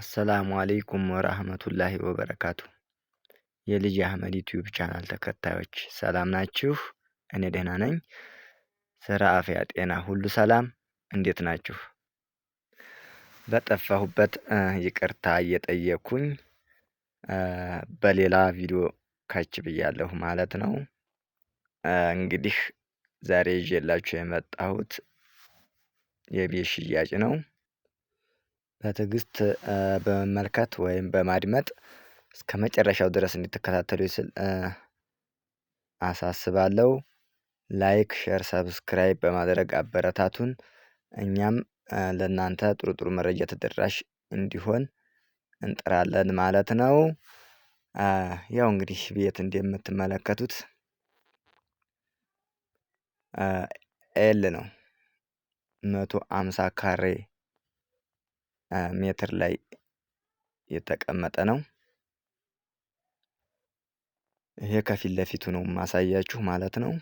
አሰላሙ አሌይኩም ወራህመቱላሂ ወበረካቱ። የልጅ አህመድ ዩቲዩብ ቻናል ተከታዮች ሰላም ናችሁ? እኔ ደህና ነኝ። ስራ፣ አፍያ፣ ጤና ሁሉ ሰላም። እንዴት ናችሁ? በጠፋሁበት ይቅርታ እየጠየኩኝ በሌላ ቪዲዮ ካች ብያለሁ ማለት ነው። እንግዲህ ዛሬ ይዤላችሁ የመጣሁት የቤት ሽያጭ ነው። በትዕግስት በመመልከት ወይም በማድመጥ እስከ መጨረሻው ድረስ እንድትከታተሉ ስል አሳስባለሁ። ላይክ ሼር ሰብስክራይብ በማድረግ አበረታቱን። እኛም ለእናንተ ጥሩ ጥሩ መረጃ ተደራሽ እንዲሆን እንጥራለን ማለት ነው። ያው እንግዲህ ቤት እንደምትመለከቱት ኤል ነው መቶ አምሳ ካሬ ሜትር ላይ የተቀመጠ ነው። ይሄ ከፊት ለፊቱ ነው ማሳያችሁ ማለት ነው።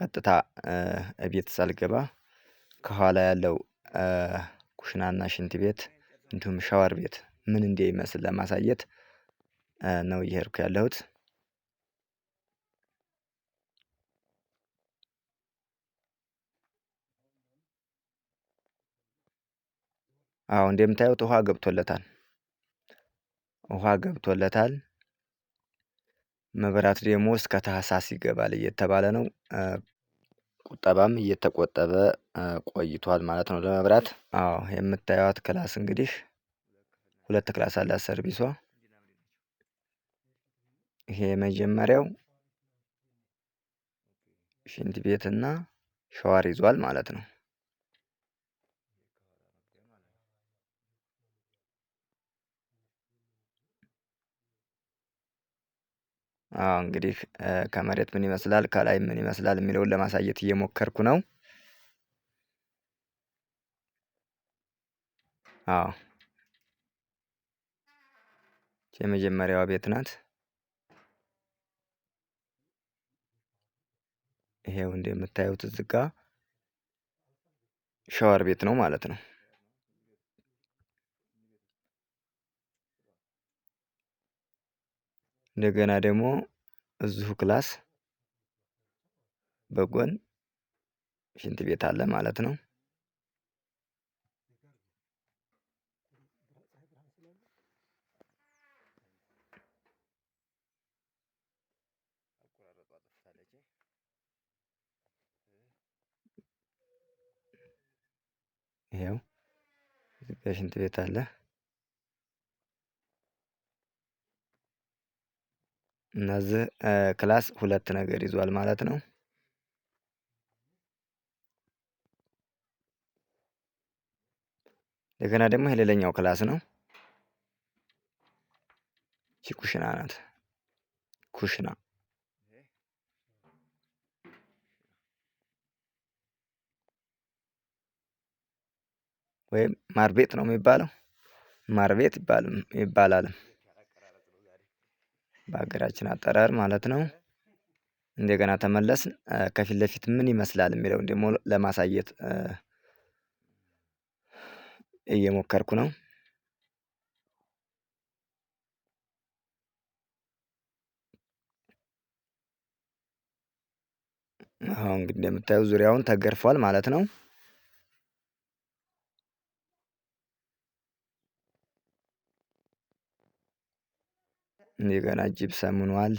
ቀጥታ ቤት ሳልገባ ከኋላ ያለው ኩሽናና ሽንት ቤት እንዲሁም ሻወር ቤት ምን እንደሚመስል ለማሳየት ነው እየሄድኩ ያለሁት። አዎ እንደምታዩት ውሃ ገብቶለታል። ውሃ ገብቶለታል። መብራት ደግሞ እስከ ታህሳስ ይገባል እየተባለ ነው። ቁጠባም እየተቆጠበ ቆይቷል ማለት ነው ለመብራት። አዎ የምታዩት ክላስ እንግዲህ ሁለት ክላስ አላት ሰርቪሷ። ይሄ የመጀመሪያው ሽንት ቤትና ሻወር ይዟል ማለት ነው። አዎ እንግዲህ ከመሬት ምን ይመስላል ከላይ ምን ይመስላል የሚለውን ለማሳየት እየሞከርኩ ነው። አዎ የመጀመሪያዋ ቤት ናት። ይሄው እንደምታዩት እዚህ ጋር ሻወር ቤት ነው ማለት ነው እንደገና ደግሞ እዚሁ ክላስ በጎን ሽንት ቤት አለ ማለት ነው። ይኸው ሽንት ቤት አለ እነዚህ ክላስ ሁለት ነገር ይዟል ማለት ነው። እንደገና ደግሞ የሌላኛው ክላስ ነው። ይቺ ኩሽና ናት። ኩሽና ወይም ማር ነው የሚባለው። ማርቤት ቤት ይባላል። በሀገራችን አጠራር ማለት ነው። እንደገና ተመለስን ከፊት ለፊት ምን ይመስላል የሚለውን ደግሞ ለማሳየት እየሞከርኩ ነው። አሁን እንግዲህ እንደምታየው ዙሪያውን ተገርፏል ማለት ነው እንደገና ጅብሰም ሆኗል።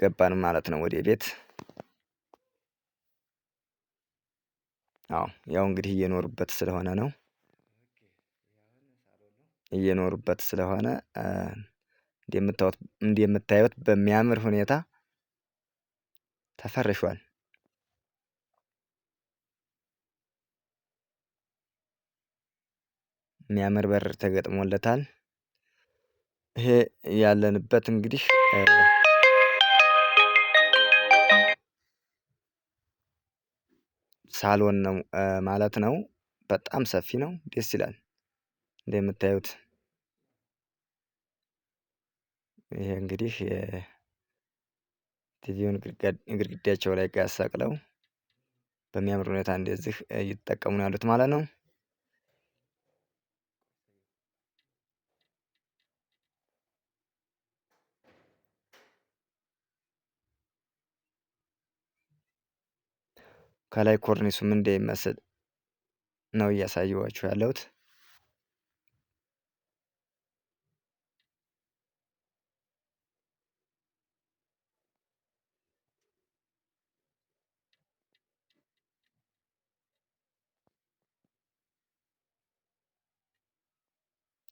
ገባን ማለት ነው ወደ ቤት። አዎ ያው እንግዲህ እየኖሩበት ስለሆነ ነው እየኖሩበት ስለሆነ እንደምታዩት በሚያምር ሁኔታ ተፈርሿል። የሚያምር በር ተገጥሞለታል። ይሄ ያለንበት እንግዲህ ሳሎን ነው ማለት ነው። በጣም ሰፊ ነው ደስ ይላል። እንደምታዩት ይሄ እንግዲህ ቲቪውን ግድግዳቸው ላይ ጋር ሰቅለው በሚያምር ሁኔታ እንደዚህ እየተጠቀሙ ነው ያሉት ማለት ነው ከላይ ኮርኒሱ ምን እንደሚመስል ነው እያሳየኋችሁ ያለሁት።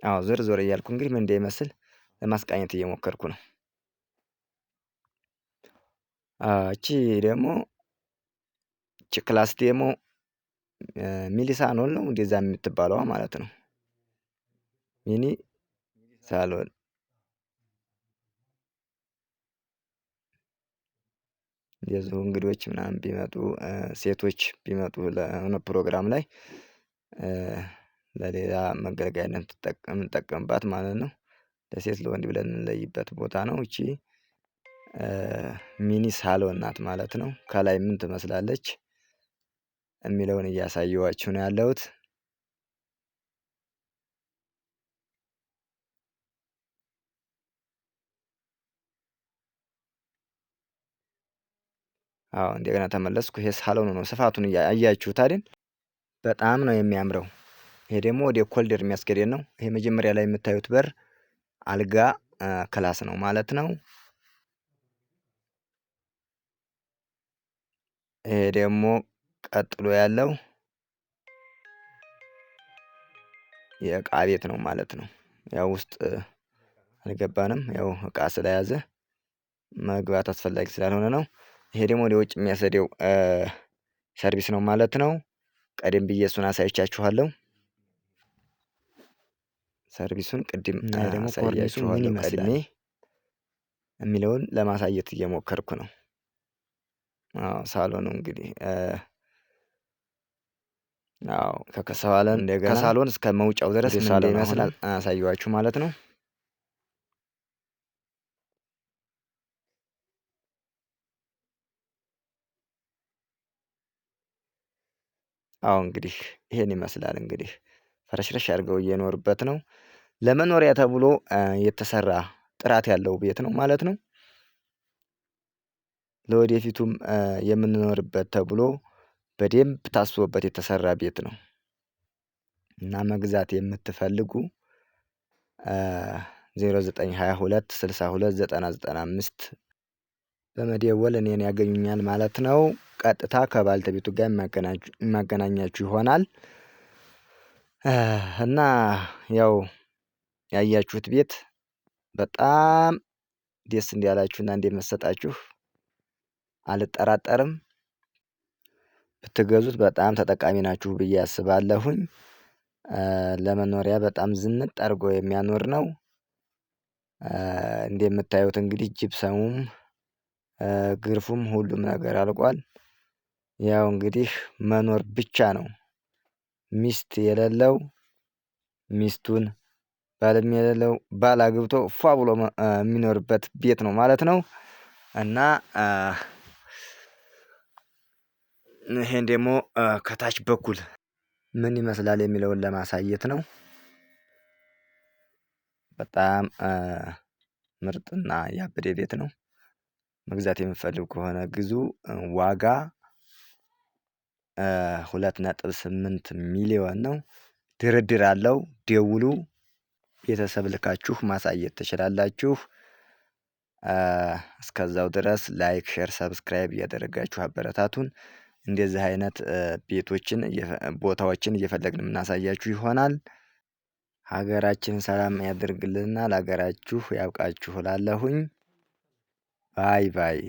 አዎ ዞር ዞር እያልኩ እንግዲህ ምን እንደሚመስል ለማስቃኘት እየሞከርኩ ነው። እቺ ደግሞ ቺክላስ ዴሞ ሚኒ ሳሎን ነው እንደዛ የምትባለዋ ማለት ነው። ሚኒ ሳሎን የዚሁ እንግዶች ምናምን ቢመጡ ሴቶች ቢመጡ ለሆነ ፕሮግራም ላይ ለሌላ መገልገያነት የምንጠቀምባት ማለት ነው። ለሴት ለወንድ ብለን የምንለይበት ቦታ ነው። እቺ ሚኒ ሳሎን ናት ማለት ነው። ከላይ ምን ትመስላለች? የሚለውን እያሳየኋችሁ ነው ያለሁት። አዎ እንደገና ተመለስኩ። ይሄ ሳሎኑ ነው። ስፋቱን አያችሁት አይደል? በጣም ነው የሚያምረው። ይሄ ደግሞ ወደ ኮልደር የሚያስገደን ነው። ይሄ መጀመሪያ ላይ የምታዩት በር አልጋ ክላስ ነው ማለት ነው። ይሄ ደግሞ ቀጥሎ ያለው የእቃ ቤት ነው ማለት ነው። ያው ውስጥ አልገባንም ያው እቃ ስለያዘ መግባት አስፈላጊ ስላልሆነ ነው። ይሄ ደግሞ ወደ ውጭ የሚያስሄደው ሰርቪስ ነው ማለት ነው። ቀደም ብዬ እሱን አሳይቻችኋለሁ። ሰርቪሱን ቅድም አሳያችኋለሁ ቀድሜ የሚለውን ለማሳየት እየሞከርኩ ነው። ሳሎኑ እንግዲህ አዎ ከከሳለን እንደገና ከሳሎን እስከ መውጫው ድረስ ምን ይመስላል አሳየኋችሁ ማለት ነው። አዎ እንግዲህ ይሄን ይመስላል እንግዲህ ፈረሽረሽ አድርገው እየኖሩበት ነው። ለመኖሪያ ተብሎ የተሰራ ጥራት ያለው ቤት ነው ማለት ነው። ለወደፊቱም የምንኖርበት ተብሎ በደንብ ታስቦበት የተሰራ ቤት ነው። እና መግዛት የምትፈልጉ 0922629995 በመደወል እኔን ያገኙኛል ማለት ነው። ቀጥታ ከባልተቤቱ ጋር የማገናኛችሁ ይሆናል። እና ያው ያያችሁት ቤት በጣም ደስ እንዲያላችሁና እንደመሰጣችሁ አልጠራጠርም ብትገዙት በጣም ተጠቃሚ ናችሁ ብዬ አስባለሁኝ። ለመኖሪያ በጣም ዝንጥ አድርጎ የሚያኖር ነው። እንደምታዩት እንግዲህ ጅብሰሙም ግርፉም ሁሉም ነገር አልቋል። ያው እንግዲህ መኖር ብቻ ነው። ሚስት የሌለው ሚስቱን ባልም የሌለው ባል አግብቶ ፏ ብሎ የሚኖርበት ቤት ነው ማለት ነው። እና ይሄን ደግሞ ከታች በኩል ምን ይመስላል የሚለውን ለማሳየት ነው። በጣም ምርጥና ያበደ ቤት ነው። መግዛት የምፈልግ ከሆነ ግዙ። ዋጋ ሁለት ነጥብ ስምንት ሚሊዮን ነው። ድርድር አለው። ደውሉ። ቤተሰብ ልካችሁ ማሳየት ትችላላችሁ። እስከዛው ድረስ ላይክ፣ ሼር፣ ሰብስክራይብ እያደረጋችሁ አበረታቱን። እንደዚህ አይነት ቤቶችን ቦታዎችን እየፈለግን የምናሳያችሁ ይሆናል። ሀገራችን ሰላም ያደርግልንና ለሀገራችሁ ያብቃችሁ እላለሁኝ። ባይ ባይ